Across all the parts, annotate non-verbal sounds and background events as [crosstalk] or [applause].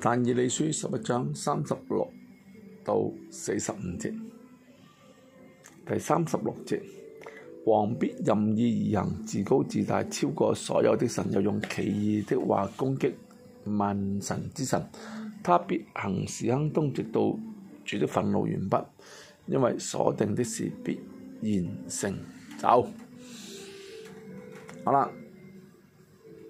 但以理書十一章三十六到四十五節，第三十六節，王必任意而行，自高自大，超過所有的神，又用奇異的話攻擊萬神之神，他必行事亨通，直到主的憤怒完畢，因為所定的事必然成。走，好啦，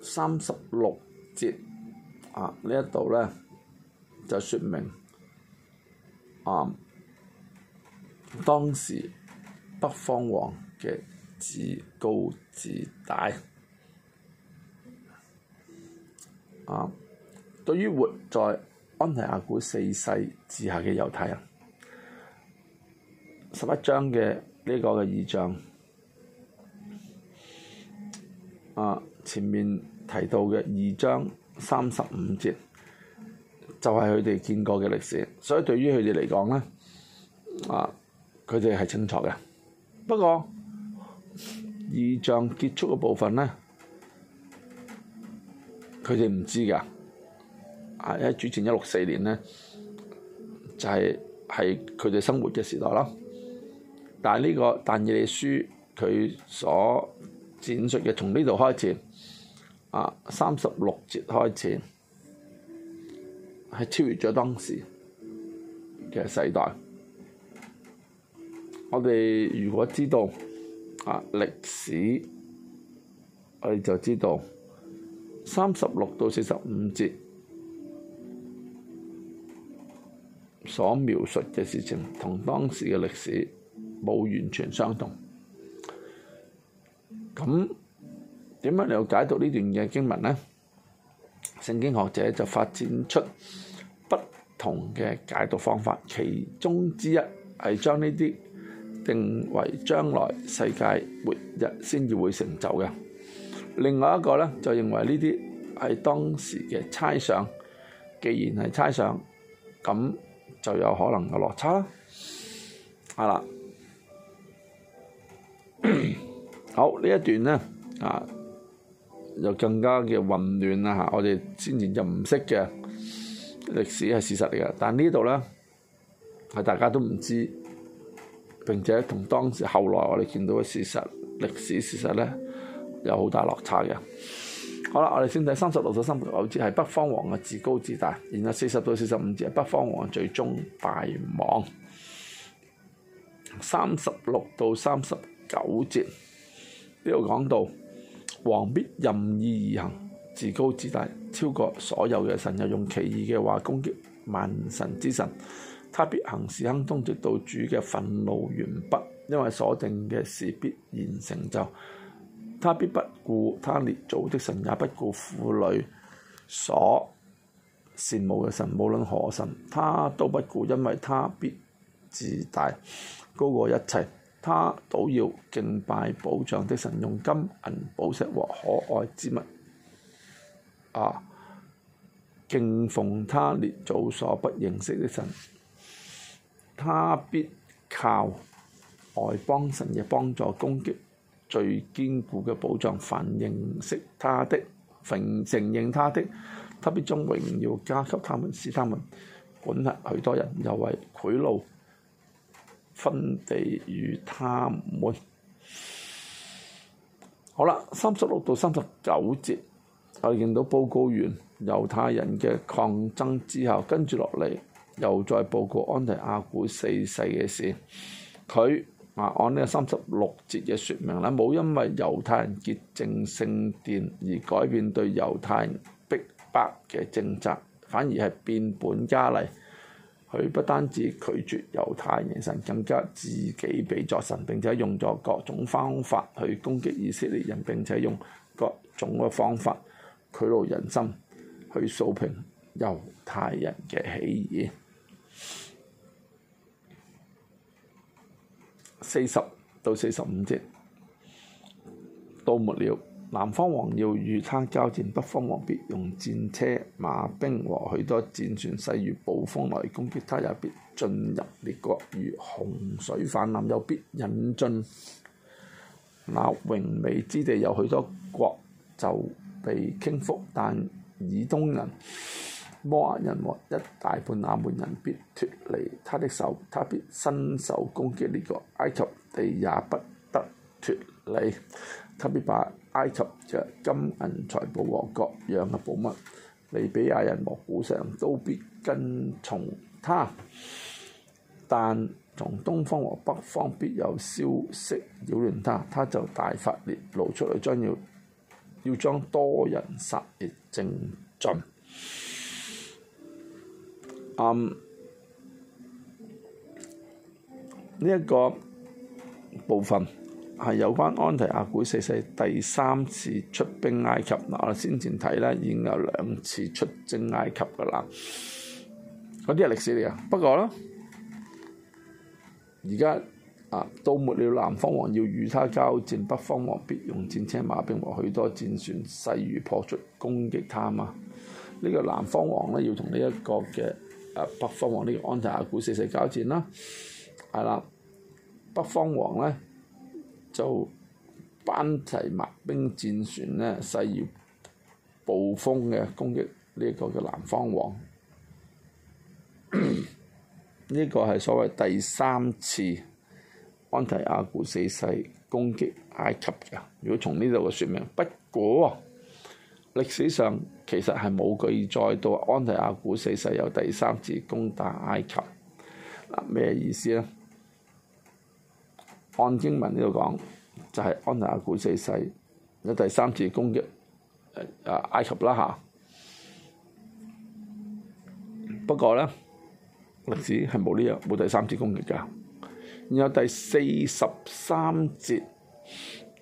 三十六節。啊、呢一度呢就説明啊，當時北方王嘅自高自大啊，對於活在安提阿古四世之下嘅猶太人，啊，十一章嘅呢個嘅二章啊，前面提到嘅二章。三十五節就係佢哋見過嘅歷史，所以對於佢哋嚟講呢，啊，佢哋係清楚嘅。不過異象結束嘅部分呢，佢哋唔知㗎。啊，喺主前一六四年呢，就係係佢哋生活嘅時代咯。但係呢個但以理書佢所展述嘅，從呢度開始。啊，三十六節開始係超越咗當時嘅世代。我哋如果知道啊歷史，我哋就知道三十六到四十五節所描述嘅事情同當時嘅歷史冇完全相同。咁點樣嚟解讀呢段嘅經文咧？聖經學者就發展出不同嘅解讀方法，其中之一係將呢啲定為將來世界末日先至會成就嘅。另外一個咧，就認為呢啲係當時嘅猜想。既然係猜想，咁就有可能有落差啦。係啦，好，呢一段咧，啊～就更加嘅混亂啦嚇，我哋先前就唔識嘅歷史係事實嚟嘅，但呢度咧係大家都唔知，並且同當時後來我哋見到嘅事實歷史事實咧有好大落差嘅。好啦，我哋先睇三十六到三十九節係北方王嘅自高自大，然後四十到四十五節係北方王嘅最終敗亡。三十六到三十九節呢度講到。王必任意而行，自高自大，超過所有嘅神，又用奇異嘅話攻擊萬神之神。他必行事亨通，直到主嘅憤怒完畢，因為所定嘅事必然成就。他必不顧他列祖的神，也不顧婦女所羨慕嘅神，無論何神，他都不顧，因為他必自大，高過一切。他都要敬拜保障的神，用金銀寶石和可愛之物啊，敬奉他列祖所不認識的神。他必靠外邦神嘅幫助，攻擊最堅固嘅保障，凡認識他的、承承認他的，他必將榮耀加給他們，使他們管轄許多人，又為賄賂，分地與他們。好啦，三十六到三十九節，我哋見到報告完猶太人嘅抗爭之後，跟住落嚟又再報告安提阿古四世嘅事。佢啊，按呢個三十六節嘅説明啦，冇因為猶太人潔淨聖殿而改變對猶太人逼迫嘅政策，反而係變本加厲。佢不單止拒絕猶太人神，更加自己比作神，並且用咗各種方法去攻擊以色列人，並且用各種嘅方法賄賂人心，去掃平猶太人嘅起義。四十到四十五節都沒了。南方王要與他交戰，北方王必用戰車、馬兵和許多戰船，勢如暴風來攻擊他，也必進入列國，如洪水泛濫，又必引進那榮美之地，有許多國就被傾覆。但以東人、摩押人和一大半亞門人必脫離他的手，他必伸手攻擊呢個埃及地，也不得脫離。他必把埃及著金銀財寶和各樣嘅寶物，利比亞人和古實都必跟從他，但從東方和北方必有消息擾亂他，他就大發裂，露出來將要要將多人殺滅淨盡。啱呢一個部分。係有關安提阿古四世第三次出兵埃及，嗱，我哋先前睇啦，已經有兩次出征埃及嘅啦，嗰啲係歷史嚟啊。不過咧，而家啊，到末了南方王要與他交戰，北方王必用戰車、馬兵和許多戰船勢如破竹攻擊他嘛。呢個南方王咧要同呢一個嘅啊北方王呢個安提阿古四世交戰啦，係啦，北方王咧。就、so, 班齊馬兵戰船咧，勢如暴風嘅攻擊呢一個叫南方王。呢、 [coughs] 這個係所謂第三次安提阿古四世攻擊埃及嘅。如果從呢度嘅説明，不過歷史上其實係冇記載到安提阿古四世有第三次攻打埃及。嗱，咩意思咧？按經文呢度講，就係安達古四世有第三次攻擊誒誒埃及啦嚇。不過呢，歷史係冇呢個冇第三次攻擊㗎。然後第四十三節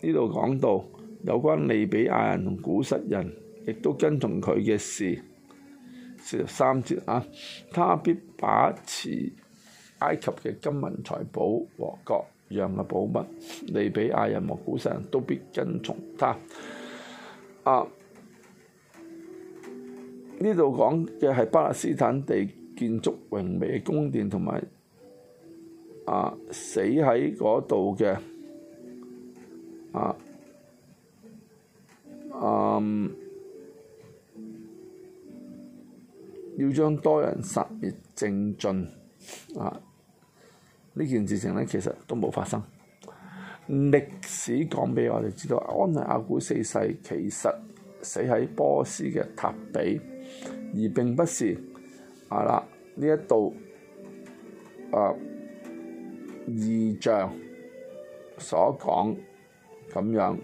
呢度講到有關利比亞人同古實人亦都跟從佢嘅事。四十三節啊，他必把持埃及嘅金銀財寶和國。樣嘅寶物，利比亞人和古實人都必跟從他。啊，呢度講嘅係巴勒斯坦地建築榮美嘅宮殿，同埋啊死喺嗰度嘅啊啊、嗯，要將多人殺滅淨盡啊！呢件事情呢，其實都冇發生。歷史講畀我哋知道，安提阿古四世其實死喺波斯嘅塔比，而並不是啊啦呢一度啊異象所講咁樣，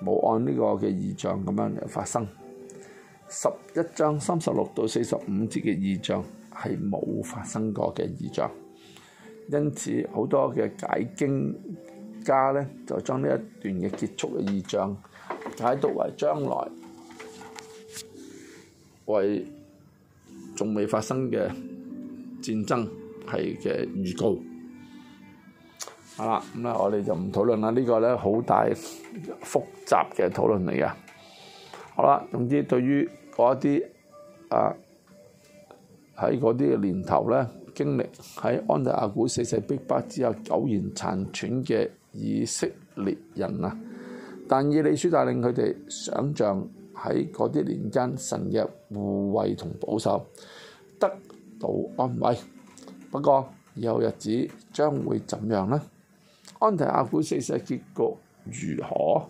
冇按呢個嘅異象咁樣發生。十一章三十六到四十五節嘅異象係冇發生過嘅異象。因此，好多嘅解經家咧，就將呢一段嘅結束嘅異象，解讀為將來為仲未發生嘅戰爭係嘅預告。好啦，咁咧我哋就唔討論啦。呢、這個咧好大複雜嘅討論嚟㗎。好啦，總之對於嗰啲啊～喺嗰啲嘅年頭咧，經歷喺安提阿古四世逼迫之後，苟延殘喘嘅以色列人啊，但以理書帶領佢哋想象喺嗰啲年間神嘅護衛同保守，得到安慰。不過以後日子將會怎樣呢？安提阿古四世結局如何？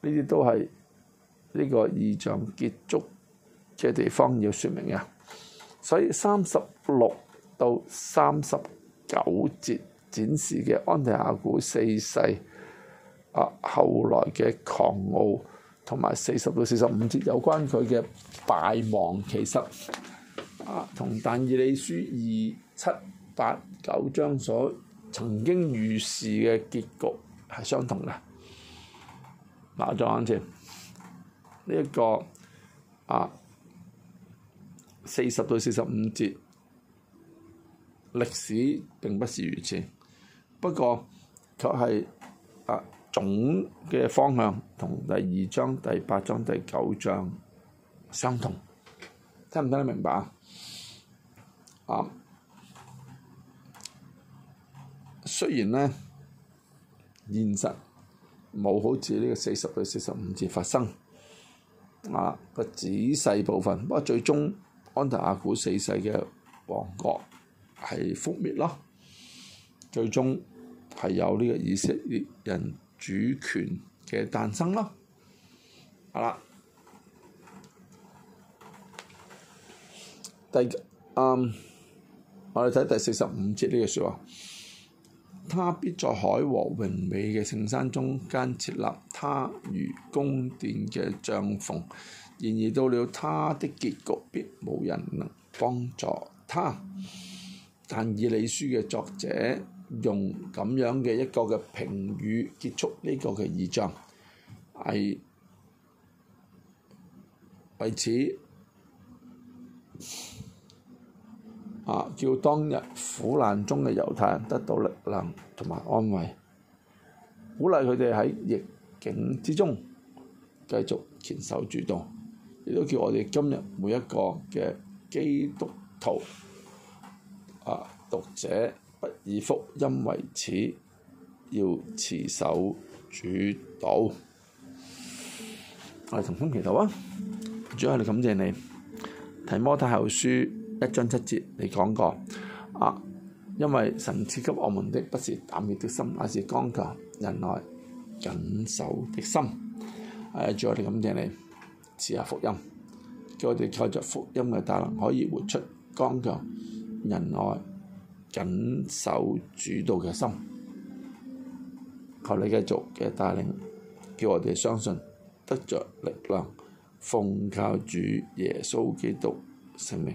呢啲都係呢個異象結束嘅地方要説明嘅。所以三十六到三十九節展示嘅安提阿古四世啊，後來嘅狂傲，同埋四十到四十五節有關佢嘅敗亡，其實啊，同但以理書二七八九章所曾經預示嘅結局係相同嘅。嗱，再往前，呢一個啊。四十到四十五節歷史並不是如此，不過卻係啊總嘅方向同第二章、第八章、第九章相同，聽唔聽得明白啊？啊，雖然呢現實冇好似呢個四十到四十五節發生啊個仔細部分，不過最終，安達阿古四世嘅王國係覆滅咯，最終係有呢個以色列人主權嘅誕生咯，好啦，第，嗯、um，我哋睇第四十五節呢句說話。他必在海和榮美嘅聖山中間設立他如宮殿嘅帳篷，然而到了他的結局，必無人能幫助他。但以理書嘅作者用咁樣嘅一個嘅評語結束呢個嘅異象，係為此。啊！叫當日苦難中嘅猶太人得到力量同埋安慰，鼓勵佢哋喺逆境之中繼續堅守主道。亦都叫我哋今日每一個嘅基督徒啊讀者，不以福音為恥，要持守主道。我哋同心祈禱啊！主啊，我哋感謝你提摩太後書。一章七節你講過啊，因為神賜給我們的不是膽怯的心，而是剛強仁愛、謹守的心。誒，主我哋感謝你賜下福音，叫我哋靠着福音嘅大能，可以活出剛強仁愛、謹守主道嘅心。求你繼續嘅帶領，叫我哋相信得著力量，奉靠主耶穌基督聖名。